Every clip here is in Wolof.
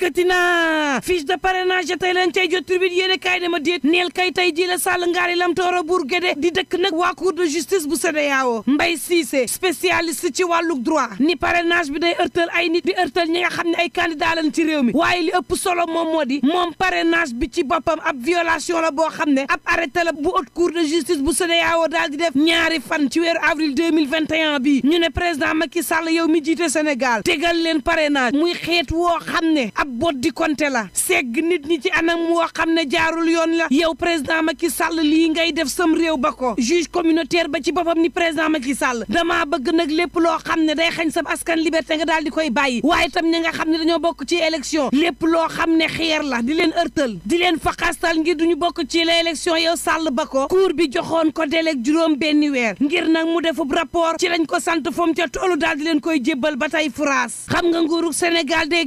dikkati na fiche de parrainage tey lañ cay jot tribune yéen kaay ne ma déet neel kay tey ji la sàll ngaari lam tooro buur géde di dëkk nag waa cour de justice bu CEDEAO Mbaye Cissé spécialiste ci wàllug droit ni parrainage bi day ërtal ay nit di ërtal ñi xam ne ay candidat lañ ci réew mi waaye li ëpp solo moom moo di moom parrainage bi ci boppam ab violation la boo xam ne ab arrêté la bu haute cour de justice bu CEDEAO daal di def ñaari fan ci weeru avril 2021 bii ñu ne président Macky Sall yow mi jiite Sénégal tegal leen parrainage muy xeet woo xam ne ab di konte la segg nit ñi ci anam woo xam ne jaarul yoon la yow président Macky sàll lii ngay def sam réew ba ko juge communautaire ba ci boppam ni président Macky sàll damaa bëgg nag lépp loo xam ne day xañ sam askan liberté nga daal di koy bàyyi waaye tam ñi nga xam ne dañoo bokk ci élection lépp loo xam ne xeer la di leen ërtal di leen faxastal ngir duñu bokk ci la élection yow Sall ba ko cour bi joxoon ko délai juróom benn weer ngir nag mu defub rapport ci lañ ko sant fom ca toolu daal di leen koy jébbal ba tey France xam nga nguurug Sénégal day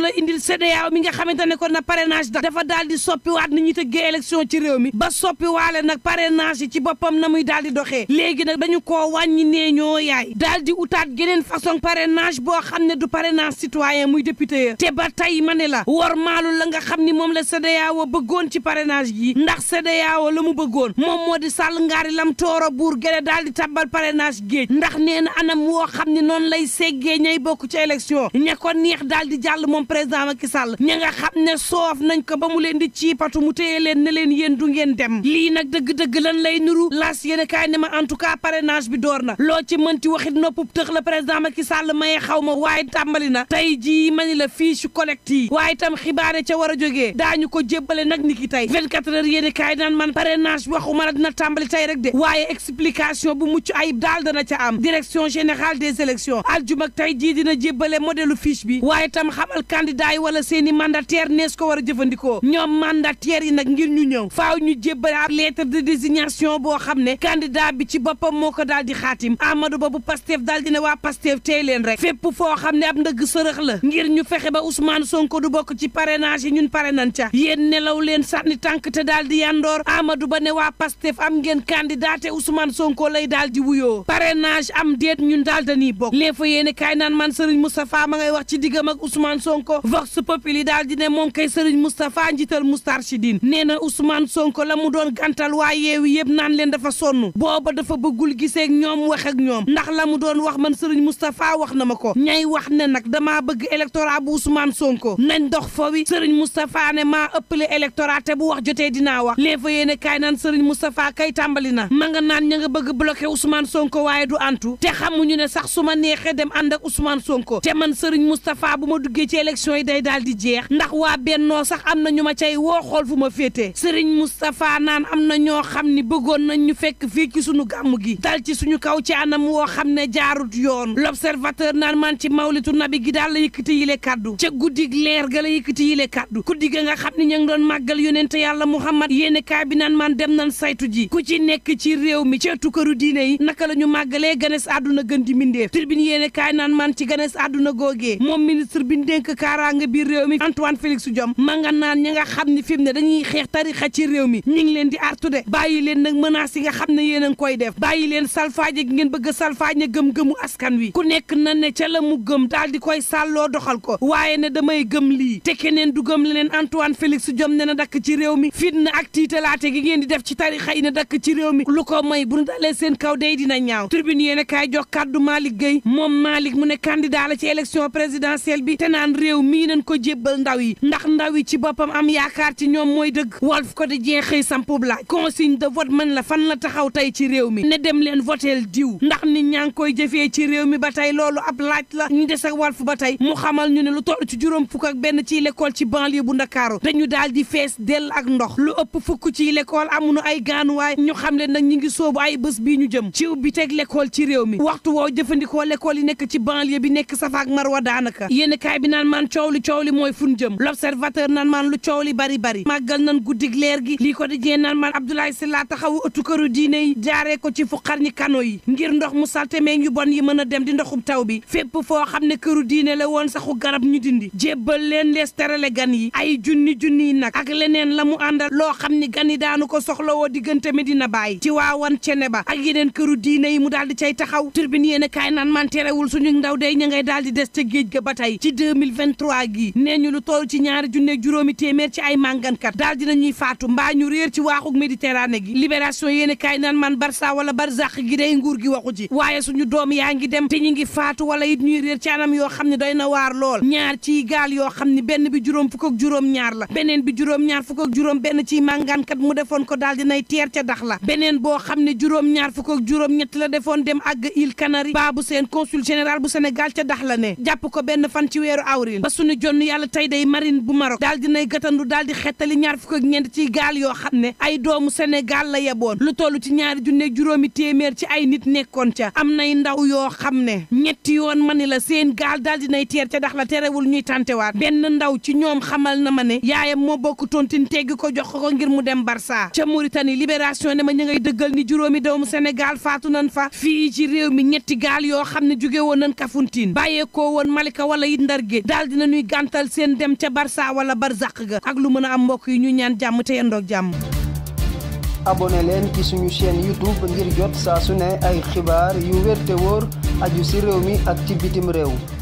la indil CEDEAO mi nga xamante ne kon na parrainage da dafa daal di soppiwaat ni ñu tëggee élection ci réew mi ba soppiwaale nag parrainage yi ci boppam na muy daal di doxee léegi nag dañu koo wàññi nee ñoo yaay daal di utaat geneen façon parrainage boo xam ne du parrainage citoyen muy député ya te ba tey ma ne la war maalu la nga xam ni moom la CEDEAO bëggoon ci parrainage yi ndax CEDEAO la mu bëggoon moom moo di sall ngaari lam tooro buur gële daal di tàbbal parrainage géej ndax nee na anam woo xam ne noonu lay seggee ñay bokk ci élection ña neex daal di jàll moom président Macky Sall ña nga xam ne soof nañ ko ba mu leen di ciipatu mu téye leen ne leen yéen du ngeen dem lii nag dëgg-dëgg lan lay nuru las yéen kaay ne ma en tout cas parrainage bi door na loo ci mënti waxit noppub tëx la président Macky Sall maye xaw waaye tàmbali na tey jii mani la fiche collecte yi waaye itam xibaare ca war a jógee daañu ko jébbale nag ni ki tey 24 heures yéen man parrainage bi waxuma la dina tàmbali tey rek de waaye explication bu mucc ayib daal dana ca am direction wala seen i mandataire nees ko war a jëfandikoo ñoom mandataire yi nag ngir ñu ñëw faaw ñu jébbale ab lettre de désignation boo xam ne candidat bi ci boppam moo ko daal di xaatim Amadou Ba bu Pastef daal di ne waa Pastef tey leen rek fépp foo xam ne ab ndëgg sërëx la ngir ñu fexe ba Ousmane Sonko du bokk ci parrainage yi ñun pare nañ ca yéen nelaw leen sànni tànk te daal di yandoor du Ba ne waa Pastef am ngeen candidat te Ousmane Sonko lay daal di wuyoo parrainage am déet ñun daal dañuy bokk léegi fa yéene vox populi daal di ne moom kay sëriñ Moustapha njiital Moustarchidine nee na Ousmane Sonko la mu doon gantal waa yeewi yëpp naan leen dafa sonn booba dafa bëggul gisee ak ñoom wax ak ñoom ndax la mu doon wax man sëriñ Moustapha wax na ma ko ñay wax ne nag damaa bëgg électorat bu Ousmane Sonko nañ dox fa wi sëriñ Moustapha ne maa ëppale électorat te bu wax jotee dinaa wax léegi fa yéene kaay naan sëriñ Moustapha kay tàmbali na ma nga naan ña nga bëgg bloqué Ousmane Sonko waaye du antu te xamuñu ne sax su ma neexee dem ànd ak Ousmane Sonko te man sëriñ Moustapha bu ma duggee ci yi day daal di jeex ndax waa bennoo sax am na ñu ma cay woo xool fu ma féetee Serigne Moustapha naan am na ñoo xam ni bëggoon nañ ñu fekk fii ci suñu gàmm gi dal ci suñu kaw ci anam woo xam ne jaarut yoon l'observateur naan maan ci mawlitu nabi gi daal la yëkkati yile kàddu ca guddig leer ga la yëkkati yile kàddu guddi ga nga xam ne ñu ngi doon màggal yonente yàlla Muhammad yéene kaay bi naan man dem nañ saytu ji ku ci nekk ci réew mi ceetu këru diine yi naka la ñu màggalee ganes àdduna gën di mindeef tribune yéene kaay naan man ci ganes àdduna googee moom ministre bi dénk kaaraange nga biir réew mi Antoine Félix jom ma nga naan ñi nga xam ne fi ne dañuy xeex tarixa ci réew mi ñu ngi leen di artu de bàyyi leen nag a si nga xam ne yéen ngi koy def bàyyi leen salfaaje gi ngeen bëgg a salfaaje gëm-gëmu askan wi ku nekk na ne ca la mu gëm daal di koy sàlloo doxal ko waaye ne damay gëm lii te keneen du gëm leneen Antoine Félix Diome ne na dakk ci réew mi fitna ak tiitalaate gi ngeen di def ci tarixa yi na dakk ci réew mi lu ko may bu ñu dalee seen kaw day dina ñaaw tribune yéen a kaay jox kàddu moom Malick mu ne candidat la ci élection présidentielle bi te naan réew mi dinañ ko jébbal ndaw yi ndax ndaw yi ci boppam am yaakaar ci ñoom mooy dëgg Walf Quotidien jeexee sampub laaj consigne de vote mën la fan la taxaw tey ci réew mi ne dem leen voteel diw ndax nit ñaa ngi koy jëfee ci réew mi ba tey loolu ab laaj la ñu des ak Walf ba tey mu xamal ñu ne lu toll ci juróom fukk ak benn ci lekkool ci banlieue bu Ndakaaru dañu daal di fees dell ak ndox lu ëpp fukk ci amu nu ay gaanuwaay ñu xam leen nag ñu ngi soobu ay bës bii ñu jëm ci ubbi teg l'école ci réew mi waxtu jëfandikoo l'école yi nekk ci banlieue bi nekk safaak marwa daanaka yéen bi naan man coow li mooy fun jëm l'observateur nan man lu coow li bari bari màggal nan guddig leer gi lii ko di jee nan maan Abdoulaye Sylla taxawu ëttu këru diine yi jaaree ko ci fuqar ñi kano yi ngir ndox mu salte meeg yu bon yi mën a dem di ndoxum taw bi fépp foo xam ne këru diine la woon saxu garab ñu dindi jébbal leen lees terale gan yi ay junni junni nag ak leneen la mu àndal loo xam ni gan yi daanu ko soxlawoo diggante mi dina bàyyi ci waawan cene ba ak yeneen këru diine yi mu daal di cay taxaw turbine yéen a kaay naan man terewul suñu ndaw day ña ngay daal di des ca géej ga ba tey ci 2023 gii nee ñu lu toll ci ñaari junne juróomi téeméer ci ay màngankat daal dinañuy faatu mbaa ñu réer ci waaxuk Méditerranée gi libération yéen kaay naan man barsa wala barzaq gi day nguur gi waxu ci waaye suñu doom yaa ngi dem te ñu ngi faatu wala it ñuy réer ci anam yoo xam ne doy na waar lool ñaar ci gaal yoo xam ne benn bi juróom fukk ak juróom ñaar la beneen bi juróom ñaar fukk ak juróom benn ciy màngankat mu defoon ko daal dinay teer ca dax la beneen boo xam ne juróom ñaar fukk ak la defoon dem àgg île Canaries baabu seen consul général bu Sénégal ca dax la ne jàpp ko benn fan ci weeru awril jonn yàlla tey day marine bu Maroc daal nay gatandu daal di xettali ñaar fukk ak ñeent ci gaal yoo xam ne ay doomu Sénégal la yeboon lu toll ci ñaari junne juróomi téeméer ci ay nit nekkoon ca am nay ndaw yoo xam ne ñetti yoon ma ni la seen gaal daal nay teer ca dax la terewul ñuy tantewaat benn ndaw ci ñoom xamal na ma ne yaayam moo bokk tontin teggi ko jox ko ngir mu dem Barça ca Mauritanie libération ne ma ñu dëggal ni juróomi doomu Sénégal faatu nan fa fii ci réew mi ñetti gaal yoo xam ne jóge woon nan Kafountine bàyyeekoo woon Malika wala it Ndar gi gàntal seen dem ca barsa wala barzaq ga ak lu mën a am mbokk yi ñu ñaan jàmm te yendoog jàmm abonné leen ci suñu chaîne youtube ngir jot saa su ne ay xibaar yu wér te wóor aju si réew mi ak ci bitim réew